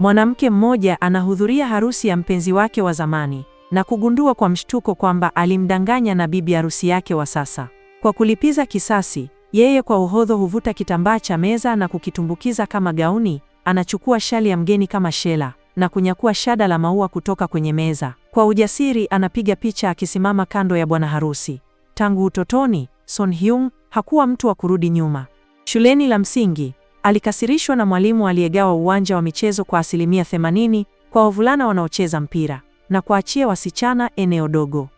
Mwanamke mmoja anahudhuria harusi ya mpenzi wake wa zamani na kugundua kwa mshtuko kwamba alimdanganya na bibi harusi yake wa sasa. Kwa kulipiza kisasi, yeye kwa uhodho huvuta kitambaa cha meza na kukitumbukiza kama gauni, anachukua shali ya mgeni kama shela na kunyakua shada la maua kutoka kwenye meza. Kwa ujasiri anapiga picha akisimama kando ya bwana harusi. Tangu utotoni, Son Hyung hakuwa mtu wa kurudi nyuma. Shuleni la msingi, Alikasirishwa na mwalimu aliyegawa uwanja wa michezo kwa asilimia 80 kwa wavulana wanaocheza mpira na kuachia wasichana eneo dogo.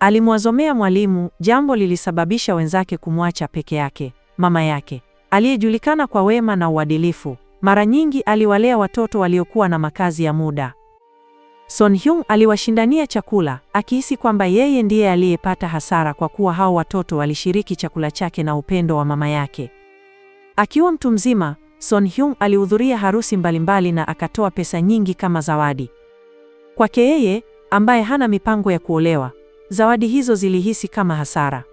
Alimwazomea mwalimu, jambo lilisababisha wenzake kumwacha peke yake. Mama yake aliyejulikana kwa wema na uadilifu, mara nyingi aliwalea watoto waliokuwa na makazi ya muda. Son Hyung aliwashindania chakula, akihisi kwamba yeye ndiye aliyepata hasara kwa kuwa hao watoto walishiriki chakula chake na upendo wa mama yake. Akiwa mtu mzima, Son Hyung alihudhuria harusi mbalimbali na akatoa pesa nyingi kama zawadi. Kwake yeye ambaye hana mipango ya kuolewa, zawadi hizo zilihisi kama hasara.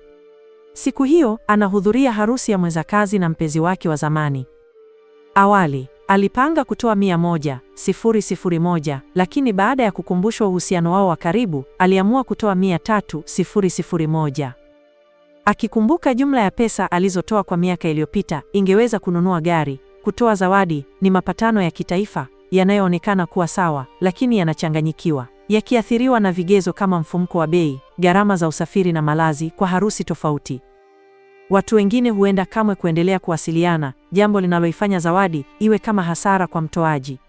Siku hiyo anahudhuria harusi ya mweza kazi na mpenzi wake wa zamani. Awali alipanga kutoa mia moja sifuri sifuri moja lakini baada ya kukumbushwa uhusiano wao wa karibu aliamua kutoa mia tatu sifuri sifuri moja. Akikumbuka jumla ya pesa alizotoa kwa miaka iliyopita, ingeweza kununua gari, kutoa zawadi. Ni mapatano ya kitaifa yanayoonekana kuwa sawa, lakini yanachanganyikiwa, yakiathiriwa na vigezo kama mfumko wa bei, gharama za usafiri na malazi kwa harusi tofauti. Watu wengine huenda kamwe kuendelea kuwasiliana, jambo linaloifanya zawadi iwe kama hasara kwa mtoaji.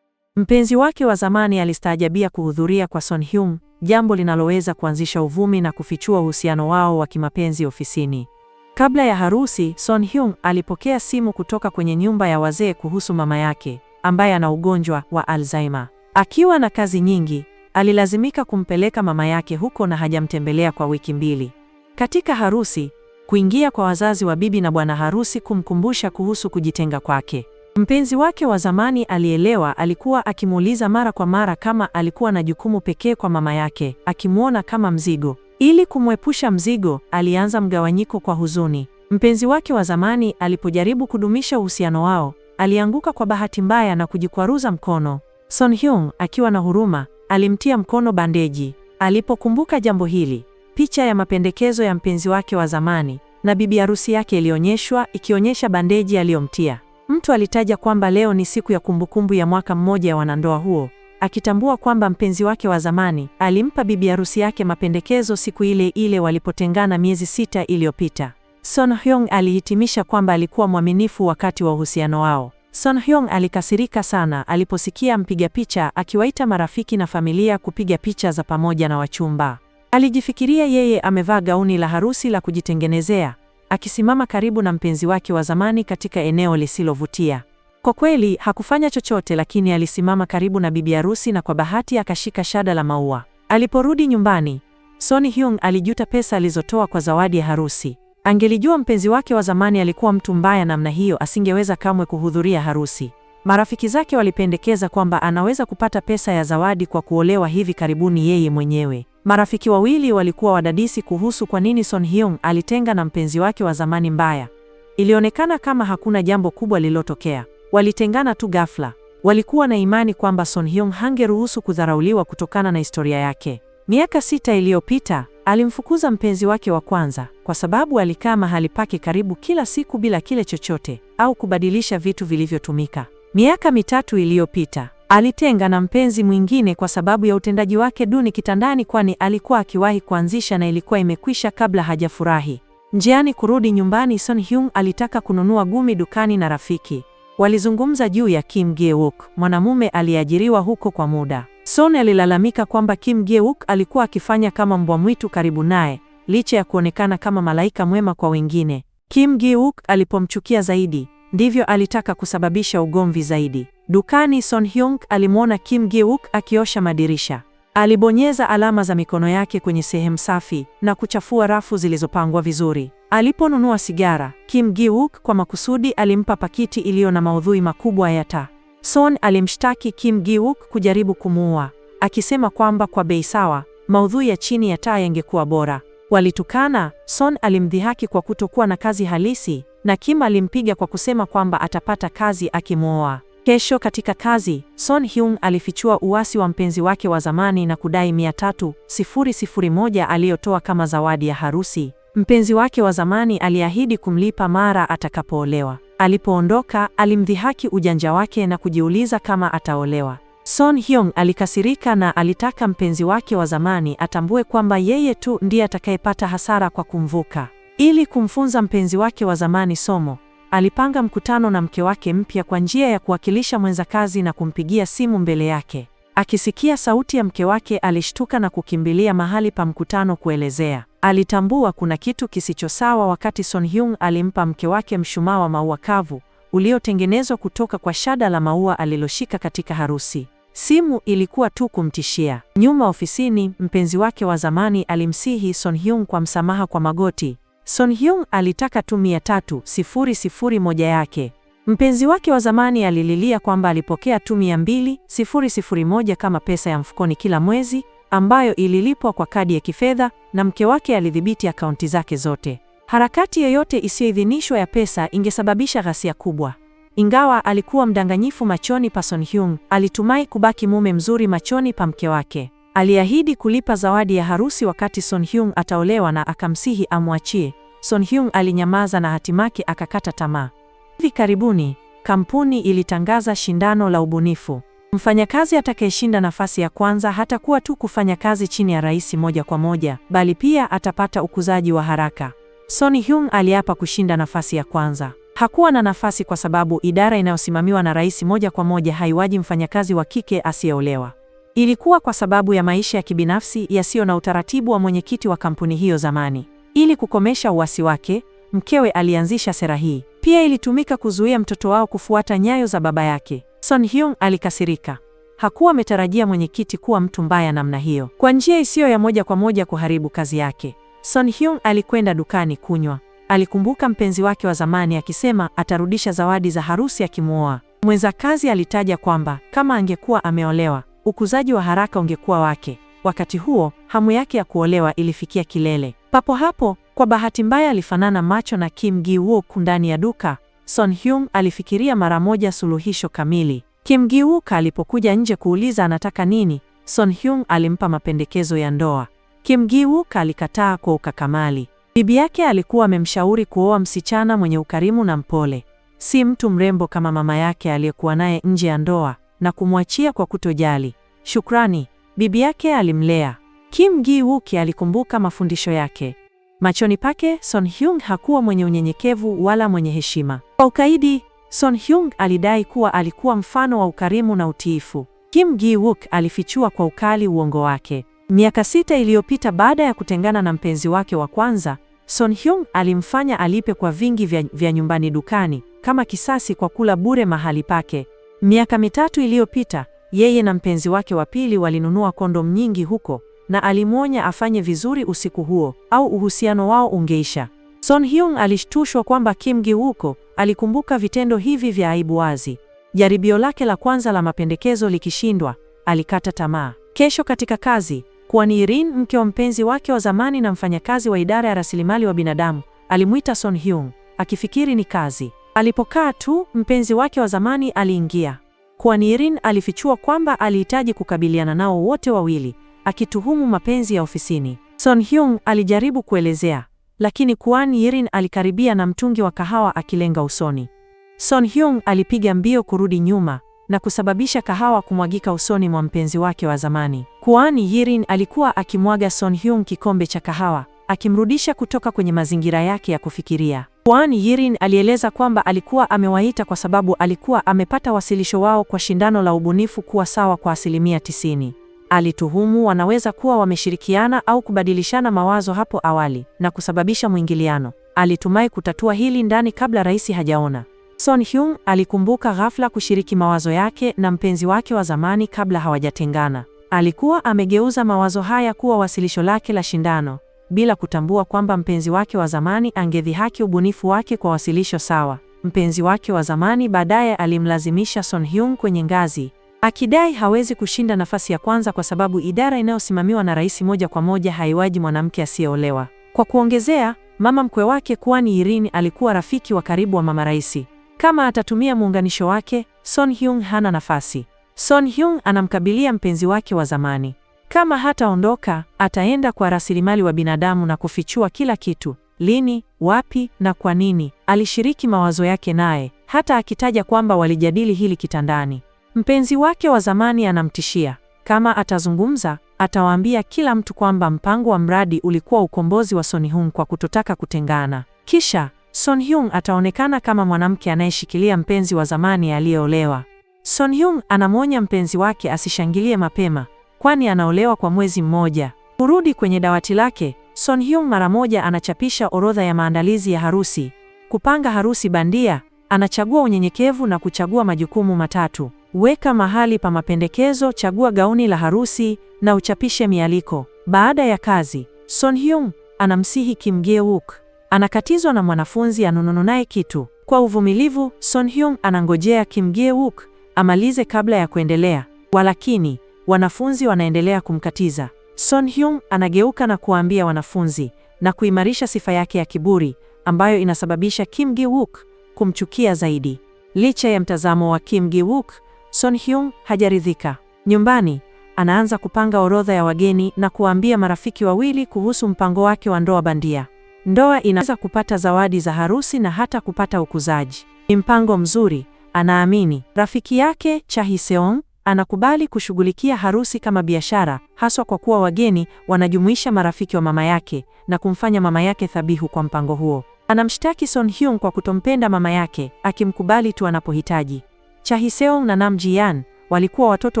Mpenzi wake wa zamani alistaajabia kuhudhuria kwa Son Heung, jambo linaloweza kuanzisha uvumi na kufichua uhusiano wao wa kimapenzi ofisini. Kabla ya harusi, Son Heung alipokea simu kutoka kwenye nyumba ya wazee kuhusu mama yake ambaye ana ugonjwa wa Alzheimer. Akiwa na kazi nyingi, alilazimika kumpeleka mama yake huko na hajamtembelea kwa wiki mbili. Katika harusi, kuingia kwa wazazi wa bibi na bwana harusi kumkumbusha kuhusu kujitenga kwake. Mpenzi wake wa zamani alielewa, alikuwa akimuuliza mara kwa mara kama alikuwa na jukumu pekee kwa mama yake, akimwona kama mzigo. Ili kumwepusha mzigo, alianza mgawanyiko kwa huzuni. Mpenzi wake wa zamani alipojaribu kudumisha uhusiano wao, alianguka kwa bahati mbaya na kujikwaruza mkono. Son Hyung akiwa na huruma, alimtia mkono bandeji. Alipokumbuka jambo hili, picha ya mapendekezo ya mpenzi wake wa zamani na bibi harusi yake ilionyeshwa, ikionyesha bandeji aliyomtia. Mtu alitaja kwamba leo ni siku ya kumbukumbu ya mwaka mmoja ya wanandoa huo, akitambua kwamba mpenzi wake wa zamani alimpa bibi harusi yake mapendekezo siku ile ile walipotengana miezi sita iliyopita. Son Hyung alihitimisha kwamba alikuwa mwaminifu wakati wa uhusiano wao. Son Hyung alikasirika sana aliposikia mpiga picha akiwaita marafiki na familia kupiga picha za pamoja na wachumba. Alijifikiria yeye amevaa gauni la harusi la kujitengenezea akisimama karibu na mpenzi wake wa zamani katika eneo lisilovutia. Kwa kweli hakufanya chochote, lakini alisimama karibu na bibi harusi na kwa bahati akashika shada la maua. Aliporudi nyumbani, Soni Hyung alijuta pesa alizotoa kwa zawadi ya harusi. Angelijua mpenzi wake wa zamani alikuwa mtu mbaya namna hiyo, asingeweza kamwe kuhudhuria harusi. Marafiki zake walipendekeza kwamba anaweza kupata pesa ya zawadi kwa kuolewa hivi karibuni yeye mwenyewe. Marafiki wawili walikuwa wadadisi kuhusu kwa nini Son Hyung alitenga na mpenzi wake wa zamani mbaya. Ilionekana kama hakuna jambo kubwa lililotokea. Walitengana tu ghafla. Walikuwa na imani kwamba Son Hyung hangeruhusu kudharauliwa kutokana na historia yake. Miaka sita iliyopita, alimfukuza mpenzi wake wa kwanza kwa sababu alikaa mahali pake karibu kila siku bila kile chochote au kubadilisha vitu vilivyotumika. Miaka mitatu iliyopita alitenga na mpenzi mwingine kwa sababu ya utendaji wake duni kitandani, kwani alikuwa akiwahi kuanzisha na ilikuwa imekwisha kabla hajafurahi. Njiani kurudi nyumbani, Son Hyung alitaka kununua gumi dukani na rafiki walizungumza juu ya Kim Geuk, mwanamume aliyeajiriwa huko kwa muda. Son alilalamika kwamba Kim Geuk alikuwa akifanya kama mbwa mwitu karibu naye, licha ya kuonekana kama malaika mwema kwa wengine. Kim Geuk alipomchukia zaidi, ndivyo alitaka kusababisha ugomvi zaidi. Dukani, Son Hyung alimwona Kim Giuk akiosha madirisha. Alibonyeza alama za mikono yake kwenye sehemu safi na kuchafua rafu zilizopangwa vizuri. Aliponunua sigara, Kim giuk kwa makusudi alimpa pakiti iliyo na maudhui makubwa ya taa. Son alimshtaki Kim Giuk kujaribu kumuua, akisema kwamba kwa bei sawa, maudhui ya chini ya taa yangekuwa bora. Walitukana, Son alimdhihaki kwa kutokuwa na kazi halisi na Kim alimpiga kwa kusema kwamba atapata kazi akimwoa. Kesho katika kazi, Son Hyung alifichua uasi wa mpenzi wake wa zamani na kudai mia tatu sifuri sifuri moja aliyotoa kama zawadi ya harusi. Mpenzi wake wa zamani aliahidi kumlipa mara atakapoolewa. Alipoondoka, alimdhihaki ujanja wake na kujiuliza kama ataolewa. Son Hyung alikasirika na alitaka mpenzi wake wa zamani atambue kwamba yeye tu ndiye atakayepata hasara kwa kumvuka. Ili kumfunza mpenzi wake wa zamani somo, alipanga mkutano na mke wake mpya kwa njia ya kuwakilisha mwenza kazi na kumpigia simu mbele yake. Akisikia sauti ya mke wake, alishtuka na kukimbilia mahali pa mkutano kuelezea. Alitambua kuna kitu kisicho sawa wakati Son Hyung alimpa mke wake mshumaa wa maua kavu uliotengenezwa kutoka kwa shada la maua aliloshika katika harusi. Simu ilikuwa tu kumtishia. Nyuma ofisini, mpenzi wake wa zamani alimsihi Son Hyung kwa msamaha kwa magoti, Son Hyung alitaka tu mia tatu sifuri sifuri moja yake. Mpenzi wake wa zamani alililia kwamba alipokea tu mia mbili sifuri sifuri moja kama pesa ya mfukoni kila mwezi ambayo ililipwa kwa kadi ya kifedha na mke wake alidhibiti akaunti zake zote. Harakati yoyote isiyoidhinishwa ya pesa ingesababisha ghasia kubwa. Ingawa alikuwa mdanganyifu machoni pa Son Hyung, alitumai kubaki mume mzuri machoni pa mke wake. Aliahidi kulipa zawadi ya harusi wakati Son Hyung ataolewa na akamsihi amwachie. Son Hyung alinyamaza na hatimaki akakata tamaa. Hivi karibuni, kampuni ilitangaza shindano la ubunifu. Mfanyakazi atakayeshinda nafasi ya kwanza hatakuwa tu kufanya kazi chini ya rais moja kwa moja, bali pia atapata ukuzaji wa haraka. Son Hyung aliapa kushinda nafasi ya kwanza. Hakuwa na nafasi kwa sababu idara inayosimamiwa na rais moja kwa moja haiwaji mfanyakazi wa kike asiyeolewa. Ilikuwa kwa sababu ya maisha ya kibinafsi yasiyo na utaratibu wa mwenyekiti wa kampuni hiyo zamani. Ili kukomesha uasi wake, mkewe alianzisha sera hii. Pia ilitumika kuzuia mtoto wao kufuata nyayo za baba yake. Son Hyung alikasirika. Hakuwa ametarajia mwenyekiti kuwa mtu mbaya namna hiyo. Kwa njia isiyo ya moja kwa moja kuharibu kazi yake, Son Hyung alikwenda dukani kunywa. Alikumbuka mpenzi wake wa zamani akisema atarudisha zawadi za harusi akimwoa. Mwenza kazi alitaja kwamba kama angekuwa ameolewa Ukuzaji wa haraka ungekuwa wake. Wakati huo hamu yake ya kuolewa ilifikia kilele. Papo hapo, kwa bahati mbaya, alifanana macho na Kim Gi-wook ndani ya duka. Son Hyun alifikiria mara moja suluhisho kamili. Kim Gi-wook alipokuja nje kuuliza anataka nini, Son Hyun alimpa mapendekezo ya ndoa. Kim Gi-wook alikataa kwa ukakamali. Bibi yake alikuwa amemshauri kuoa msichana mwenye ukarimu na mpole, si mtu mrembo kama mama yake aliyekuwa naye nje ya ndoa na kumwachia kwa kutojali. Shukrani, bibi yake alimlea. Kim Gi-wook alikumbuka mafundisho yake. Machoni pake Son Hyung hakuwa mwenye unyenyekevu wala mwenye heshima. Kwa ukaidi, Son Hyung alidai kuwa alikuwa mfano wa ukarimu na utiifu. Kim Gi-wook alifichua kwa ukali uongo wake. Miaka sita iliyopita baada ya kutengana na mpenzi wake wa kwanza, Son Hyung alimfanya alipe kwa vingi vya, vya nyumbani dukani kama kisasi kwa kula bure mahali pake. Miaka mitatu iliyopita, yeye na mpenzi wake wa pili walinunua kondo nyingi huko na alimwonya afanye vizuri usiku huo au uhusiano wao ungeisha. Son Hyung alishtushwa kwamba Kim Gi-wook alikumbuka vitendo hivi vya aibu wazi. Jaribio lake la kwanza la mapendekezo likishindwa, alikata tamaa. Kesho katika kazi, kwani irin mke wa mpenzi wake wa zamani na mfanyakazi wa idara ya rasilimali wa binadamu, alimwita Son Hyung akifikiri ni kazi. Alipokaa tu, mpenzi wake wa zamani aliingia. Kwani Irene alifichua kwamba alihitaji kukabiliana nao wote wawili, akituhumu mapenzi ya ofisini. Son Hyung alijaribu kuelezea, lakini Kwani yirin alikaribia na mtungi wa kahawa akilenga usoni. Son Hyung alipiga mbio kurudi nyuma na kusababisha kahawa kumwagika usoni mwa mpenzi wake wa zamani. Kwani yirin alikuwa akimwaga Son Hyung kikombe cha kahawa akimrudisha kutoka kwenye mazingira yake ya kufikiria. Kwan Yirin alieleza kwamba alikuwa amewaita kwa sababu alikuwa amepata wasilisho wao kwa shindano la ubunifu kuwa sawa kwa asilimia tisini. Alituhumu wanaweza kuwa wameshirikiana au kubadilishana mawazo hapo awali na kusababisha mwingiliano. Alitumai kutatua hili ndani kabla rais hajaona. Son Hyung alikumbuka ghafla kushiriki mawazo yake na mpenzi wake wa zamani kabla hawajatengana. Alikuwa amegeuza mawazo haya kuwa wasilisho lake la shindano bila kutambua kwamba mpenzi wake wa zamani angedhihaki ubunifu wake kwa wasilisho sawa. Mpenzi wake wa zamani baadaye alimlazimisha Son Hyung kwenye ngazi, akidai hawezi kushinda nafasi ya kwanza kwa sababu idara inayosimamiwa na rais moja kwa moja haiwaji mwanamke asiyeolewa. Kwa kuongezea, mama mkwe wake kuani Irene alikuwa rafiki wa karibu wa mama rais. Kama atatumia muunganisho wake, Son Hyung hana nafasi. Son Hyung anamkabilia mpenzi wake wa zamani. Kama hataondoka, ataenda kwa rasilimali wa binadamu na kufichua kila kitu, lini, wapi na kwa nini alishiriki mawazo yake naye, hata akitaja kwamba walijadili hili kitandani. Mpenzi wake wa zamani anamtishia kama atazungumza, atawaambia kila mtu kwamba mpango wa mradi ulikuwa ukombozi wa Son kwa kutotaka kutengana. Kisha Son ataonekana kama mwanamke anayeshikilia mpenzi wa zamani aliyeolewa. Son anamwonya mpenzi wake asishangilie mapema kwani anaolewa kwa mwezi mmoja. Kurudi kwenye dawati lake, Son Hyung mara moja anachapisha orodha ya maandalizi ya harusi. Kupanga harusi bandia, anachagua unyenyekevu na kuchagua majukumu matatu: weka mahali pa mapendekezo, chagua gauni la harusi na uchapishe mialiko. Baada ya kazi, Son Hyung anamsihi Kim Geuk. Anakatizwa na mwanafunzi anunununaye kitu. Kwa uvumilivu, Son Hyung anangojea Kim Geuk amalize kabla ya kuendelea. Walakini, Wanafunzi wanaendelea kumkatiza. Son Hyung anageuka na kuwaambia wanafunzi na kuimarisha sifa yake ya kiburi ambayo inasababisha Kim Gi-wook kumchukia zaidi. Licha ya mtazamo wa Kim Gi-wook, Son Hyung hajaridhika. Nyumbani, anaanza kupanga orodha ya wageni na kuwaambia marafiki wawili kuhusu mpango wake wa ndoa bandia. Ndoa inaweza kupata zawadi za harusi na hata kupata ukuzaji. Ni mpango mzuri, anaamini. Rafiki yake Cha Hiseong Anakubali kushughulikia harusi kama biashara, haswa kwa kuwa wageni wanajumuisha marafiki wa mama yake na kumfanya mama yake thabihu kwa mpango huo. Anamshtaki Son Hyung kwa kutompenda mama yake, akimkubali tu anapohitaji. Cha Hiseong na Nam Jian walikuwa watoto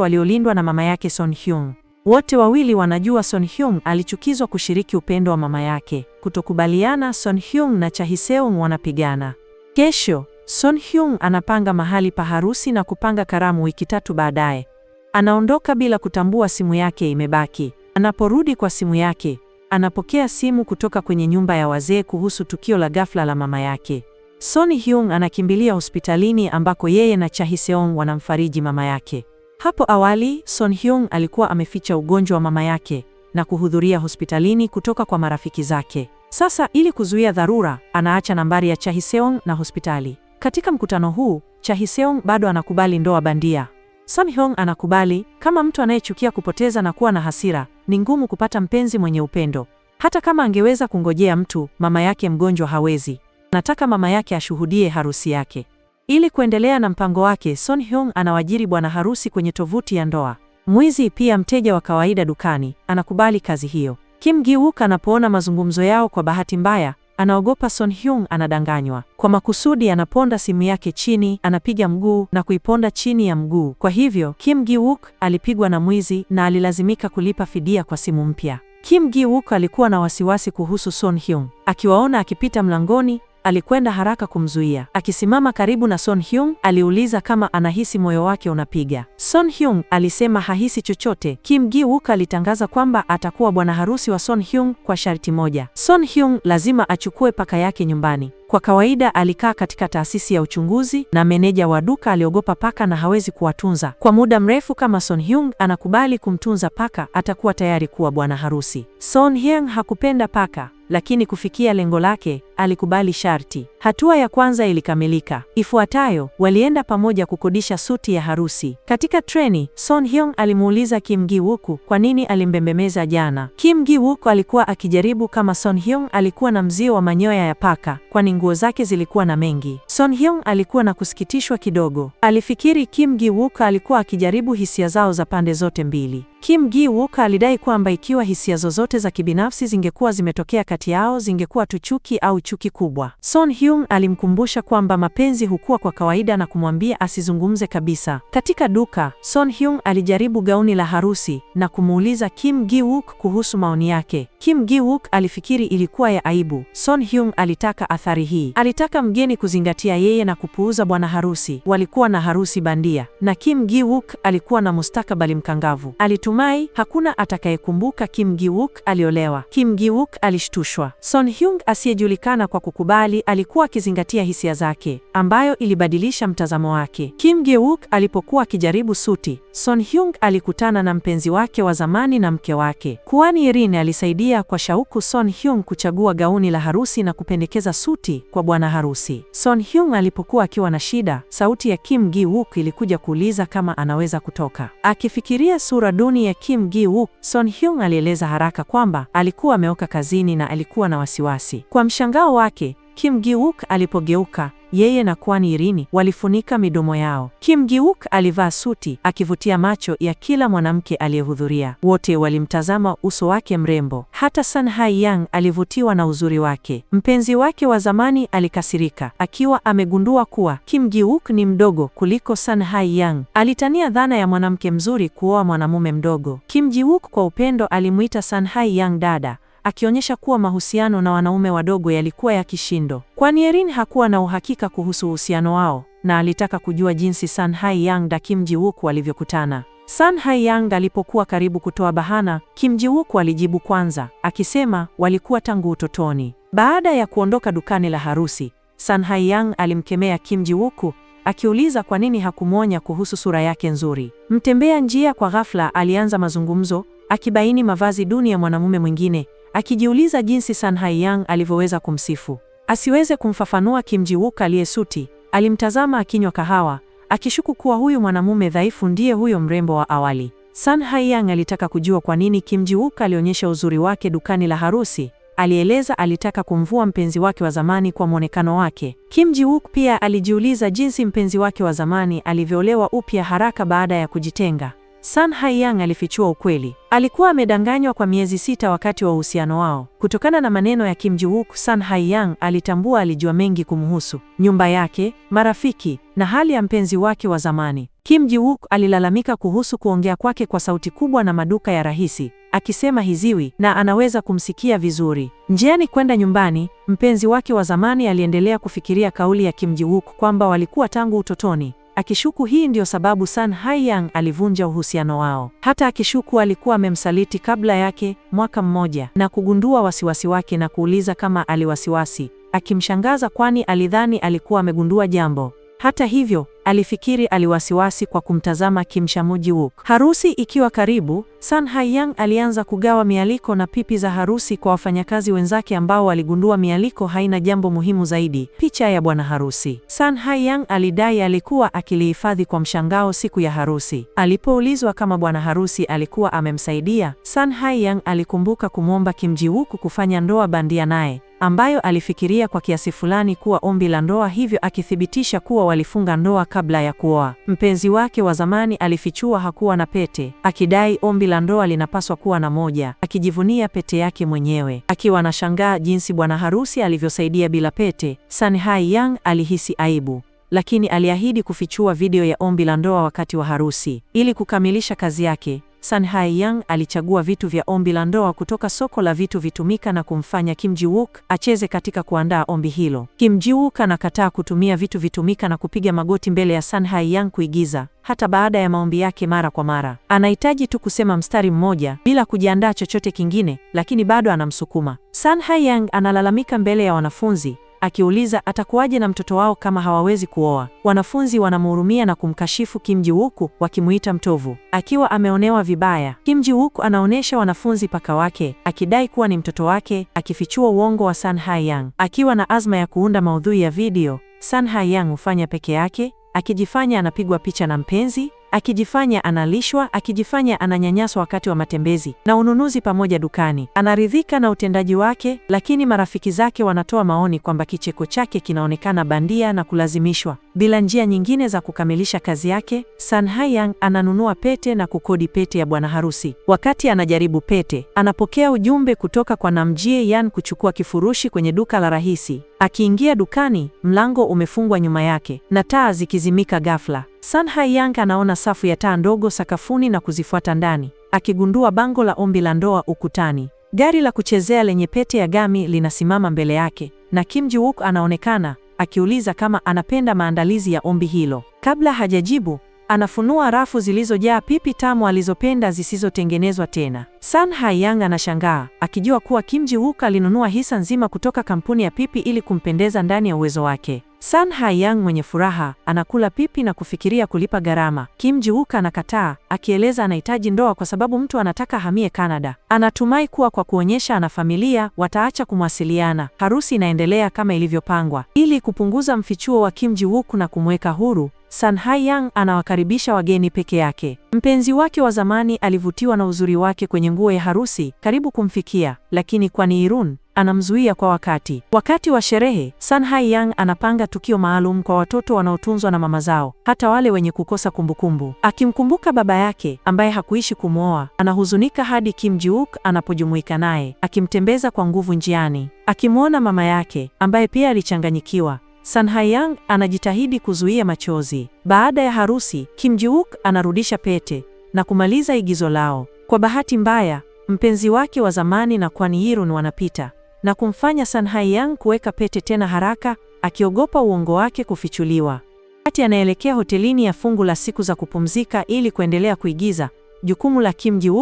waliolindwa na mama yake Son Hyung. Wote wawili wanajua Son Hyung alichukizwa kushiriki upendo wa mama yake. Kutokubaliana, Son Hyung na Cha Hiseong wanapigana. Kesho Son Hyung anapanga mahali pa harusi na kupanga karamu wiki tatu baadaye. Anaondoka bila kutambua simu yake imebaki. Anaporudi kwa simu yake, anapokea simu kutoka kwenye nyumba ya wazee kuhusu tukio la ghafla la mama yake. Son Hyung anakimbilia hospitalini ambako yeye na Cha Hiseong wanamfariji mama yake. Hapo awali, Son Hyung alikuwa ameficha ugonjwa wa mama yake na kuhudhuria hospitalini kutoka kwa marafiki zake. Sasa ili kuzuia dharura, anaacha nambari ya Cha Hiseong na hospitali. Katika mkutano huu, Cha Hiseong bado anakubali ndoa bandia. Samhyong anakubali kama mtu anayechukia kupoteza na kuwa na hasira, ni ngumu kupata mpenzi mwenye upendo. Hata kama angeweza kungojea mtu, mama yake mgonjwa hawezi. Anataka mama yake ashuhudie harusi yake. Ili kuendelea na mpango wake, Son Hyung anawajiri bwana harusi kwenye tovuti ya ndoa. Mwizi pia mteja wa kawaida dukani, anakubali kazi hiyo. Kim Gi-wook anapoona mazungumzo yao, kwa bahati mbaya Anaogopa Son Hyung anadanganywa. Kwa makusudi anaponda simu yake chini, anapiga mguu na kuiponda chini ya mguu. Kwa hivyo Kim Gi-wook alipigwa na mwizi na alilazimika kulipa fidia kwa simu mpya. Kim Gi-wook alikuwa na wasiwasi kuhusu Son Hyung. Akiwaona akipita mlangoni, alikwenda haraka kumzuia. Akisimama karibu na Son Hyung, aliuliza kama anahisi moyo wake unapiga. Son Hyung alisema hahisi chochote. Kim Gi Wook alitangaza kwamba atakuwa bwana harusi wa Son Hyung kwa sharti moja: Son Hyung lazima achukue paka yake nyumbani. Kwa kawaida alikaa katika taasisi ya uchunguzi na meneja wa duka aliogopa paka na hawezi kuwatunza kwa muda mrefu. Kama Son Hyung anakubali kumtunza paka, atakuwa tayari kuwa bwana harusi. Son Hyung hakupenda paka, lakini kufikia lengo lake alikubali sharti. Hatua ya kwanza ilikamilika. Ifuatayo walienda pamoja kukodisha suti ya harusi. Katika treni, Son Hyung alimuuliza Kim Gi-wook kwa nini alimbembemeza jana. Kim Gi-wook alikuwa akijaribu kama Son Hyung alikuwa na mzio wa manyoya ya paka, kwani nguo zake zilikuwa na mengi. Son Hyung alikuwa na kusikitishwa kidogo, alifikiri Kim Gi-wook alikuwa akijaribu hisia zao za pande zote mbili. Kim Gi Wook alidai kwamba ikiwa hisia zozote za kibinafsi zingekuwa zimetokea kati yao zingekuwa tu chuki au chuki kubwa. Son Hyung alimkumbusha kwamba mapenzi hukua kwa kawaida na kumwambia asizungumze kabisa. Katika duka, Son Hyung alijaribu gauni la harusi na kumuuliza Kim Gi Wook kuhusu maoni yake. Kim Gi Wook alifikiri ilikuwa ya aibu. Son Hyung alitaka athari hii. Alitaka mgeni kuzingatia yeye na kupuuza bwana harusi. Walikuwa na harusi bandia na Kim Gi Wook alikuwa na mustakabali mkangavu. Alitum Natumai hakuna atakayekumbuka Kim Giwook aliolewa. Kim Giwook alishtushwa. Son Hyung asiyejulikana kwa kukubali alikuwa akizingatia hisia zake, ambayo ilibadilisha mtazamo wake. Kim gi alipokuwa akijaribu suti, Son Hyung alikutana na mpenzi wake wa zamani na mke wake. kuani irin alisaidia kwa shauku Son Hyung kuchagua gauni la harusi na kupendekeza suti kwa bwana harusi. Son Hyung alipokuwa akiwa na shida, sauti ya Kim gi ilikuja kuuliza kama anaweza kutoka. Akifikiria sura duni ya Kim Gi-wook, Son Hyung alieleza haraka kwamba alikuwa ameoka kazini na alikuwa na wasiwasi. Kwa mshangao wake, Kim Gi-wook alipogeuka yeye na Kwani Irini walifunika midomo yao. Kim Giuk alivaa suti akivutia macho ya kila mwanamke aliyehudhuria. Wote walimtazama uso wake mrembo. Hata San Hai Yang alivutiwa na uzuri wake. Mpenzi wake wa zamani alikasirika akiwa amegundua kuwa Kim Giuk ni mdogo kuliko San Hai Yang. Alitania dhana ya mwanamke mzuri kuoa mwanamume mdogo. Kim Giuk kwa upendo alimuita San Hai Yang dada akionyesha kuwa mahusiano na wanaume wadogo yalikuwa ya kishindo, kwani Erin hakuwa na uhakika kuhusu uhusiano wao na alitaka kujua jinsi San Hai Yang na Kim Ji Wook walivyokutana. San Hai Yang alipokuwa karibu kutoa bahana, Kim Ji Wook alijibu kwanza, akisema walikuwa tangu utotoni. Baada ya kuondoka dukani la harusi, San Hai Yang alimkemea Kim Ji Wook akiuliza kwa nini hakumwonya kuhusu sura yake nzuri. Mtembea njia kwa ghafla alianza mazungumzo, akibaini mavazi duni ya mwanamume mwingine akijiuliza jinsi Sun Haiyang alivyoweza kumsifu asiweze kumfafanua. Kim Ji-wook aliyesuti alimtazama akinywa kahawa, akishuku kuwa huyu mwanamume dhaifu ndiye huyo mrembo wa awali. Sun Haiyang alitaka kujua kwa nini Kim Ji-wook alionyesha uzuri wake dukani la harusi. Alieleza alitaka kumvua mpenzi wake wa zamani kwa mwonekano wake. Kim Ji-wook pia alijiuliza jinsi mpenzi wake wa zamani alivyoolewa upya haraka baada ya kujitenga. Sun Haiyang alifichua ukweli. Alikuwa amedanganywa kwa miezi sita wakati wa uhusiano wao. Kutokana na maneno ya Kim Ji-wook, Sun Haiyang alitambua alijua mengi kumhusu, nyumba yake, marafiki na hali ya mpenzi wake wa zamani. Kim Ji-wook alilalamika kuhusu kuongea kwake kwa sauti kubwa na maduka ya rahisi, akisema hiziwi na anaweza kumsikia vizuri. Njiani kwenda nyumbani, mpenzi wake wa zamani aliendelea kufikiria kauli ya Kim Ji-wook kwamba walikuwa tangu utotoni akishuku hii ndiyo sababu Sun Haiyang alivunja uhusiano wao. Hata akishuku alikuwa amemsaliti kabla yake mwaka mmoja, na kugundua wasiwasi wake na kuuliza kama aliwasiwasi, akimshangaza kwani alidhani alikuwa amegundua jambo. Hata hivyo alifikiri aliwasiwasi kwa kumtazama Kim Shamuji Wook. Harusi ikiwa karibu, Sun Haiyang alianza kugawa mialiko na pipi za harusi kwa wafanyakazi wenzake ambao waligundua mialiko haina jambo muhimu zaidi, picha ya bwana harusi. Sun Haiyang alidai alikuwa akilihifadhi kwa mshangao siku ya harusi. Alipoulizwa kama bwana harusi alikuwa amemsaidia, Sun Haiyang alikumbuka kumwomba Kim Ji Wook kufanya ndoa bandia naye ambayo alifikiria kwa kiasi fulani kuwa ombi la ndoa, hivyo akithibitisha kuwa walifunga ndoa kabla ya kuoa. Mpenzi wake wa zamani alifichua hakuwa na pete, akidai ombi la ndoa linapaswa kuwa na moja, akijivunia pete yake mwenyewe. Akiwa shangaa jinsi bwana harusi alivyosaidia bila pete, Sun Hai Yang alihisi aibu lakini aliahidi kufichua video ya ombi la ndoa wakati wa harusi ili kukamilisha kazi yake. Sun Hae-young alichagua vitu vya ombi la ndoa kutoka soko la vitu vitumika na kumfanya Kim Ji-wook acheze katika kuandaa ombi hilo. Kim Ji-wook anakataa kutumia vitu vitumika na kupiga magoti mbele ya Sun Hae-young kuigiza hata baada ya maombi yake mara kwa mara. Anahitaji tu kusema mstari mmoja bila kujiandaa chochote kingine, lakini bado anamsukuma. Sun Hae-young analalamika mbele ya wanafunzi akiuliza atakuwaje na mtoto wao kama hawawezi kuoa. Wanafunzi wanamhurumia na kumkashifu Kim Jiwuku wakimuita mtovu. Akiwa ameonewa vibaya, Kim Jiwuku anaonyesha anaonesha wanafunzi paka wake akidai kuwa ni mtoto wake, akifichua uongo wa Sun Ha Yang. Akiwa na azma ya kuunda maudhui ya video, Sun Ha Yang hufanya peke yake, akijifanya anapigwa picha na mpenzi akijifanya analishwa, akijifanya ananyanyaswa wakati wa matembezi na ununuzi pamoja dukani. Anaridhika na utendaji wake, lakini marafiki zake wanatoa maoni kwamba kicheko chake kinaonekana bandia na kulazimishwa. Bila njia nyingine za kukamilisha kazi yake, San Haiyang ananunua pete na kukodi pete ya bwana harusi. Wakati anajaribu pete, anapokea ujumbe kutoka kwa Namjie Yan kuchukua kifurushi kwenye duka la rahisi. Akiingia dukani, mlango umefungwa nyuma yake na taa zikizimika ghafla. Sun Haiyang anaona safu ya taa ndogo sakafuni na kuzifuata ndani, akigundua bango la ombi la ndoa ukutani. Gari la kuchezea lenye pete ya gami linasimama mbele yake na Kim Ji-wook anaonekana akiuliza kama anapenda maandalizi ya ombi hilo. Kabla hajajibu, Anafunua rafu zilizojaa pipi tamu alizopenda zisizotengenezwa tena. Sun Haiyang anashangaa akijua kuwa Kim Ji Wook alinunua hisa nzima kutoka kampuni ya pipi ili kumpendeza ndani ya uwezo wake. Sun Haiyang mwenye furaha anakula pipi na kufikiria kulipa gharama. Kim Ji Wook anakataa akieleza anahitaji ndoa kwa sababu mtu anataka hamie Canada. Anatumai kuwa kwa kuonyesha ana familia wataacha kumwasiliana. Harusi inaendelea kama ilivyopangwa. Ili kupunguza mfichuo wa Kim Ji Wook na kumweka huru, San Ha Yang anawakaribisha wageni peke yake. Mpenzi wake wa zamani alivutiwa na uzuri wake kwenye nguo ya harusi, karibu kumfikia, lakini kwani Irun anamzuia kwa wakati. Wakati wa sherehe, San Ha Yang anapanga tukio maalum kwa watoto wanaotunzwa na mama zao, hata wale wenye kukosa kumbukumbu. Akimkumbuka baba yake ambaye hakuishi kumwoa, anahuzunika hadi Kim jiuk anapojumuika naye, akimtembeza kwa nguvu njiani. Akimwona mama yake ambaye pia alichanganyikiwa, Sanhayang anajitahidi kuzuia machozi. Baada ya harusi, Kim ji anarudisha pete na kumaliza igizo lao. Kwa bahati mbaya, mpenzi wake wa zamani na Kwan Yirun wanapita na kumfanya Sanhayang kuweka pete tena haraka, akiogopa uongo wake kufichuliwa. Wakati anaelekea hotelini ya fungu la siku za kupumzika ili kuendelea kuigiza, jukumu la Kim ji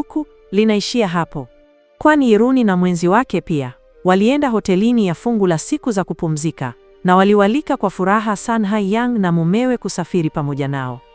linaishia hapo. Kwan Yirun na mwenzi wake pia walienda hotelini ya fungu la siku za kupumzika na waliwalika kwa furaha Sun Haiyang na mumewe kusafiri pamoja nao.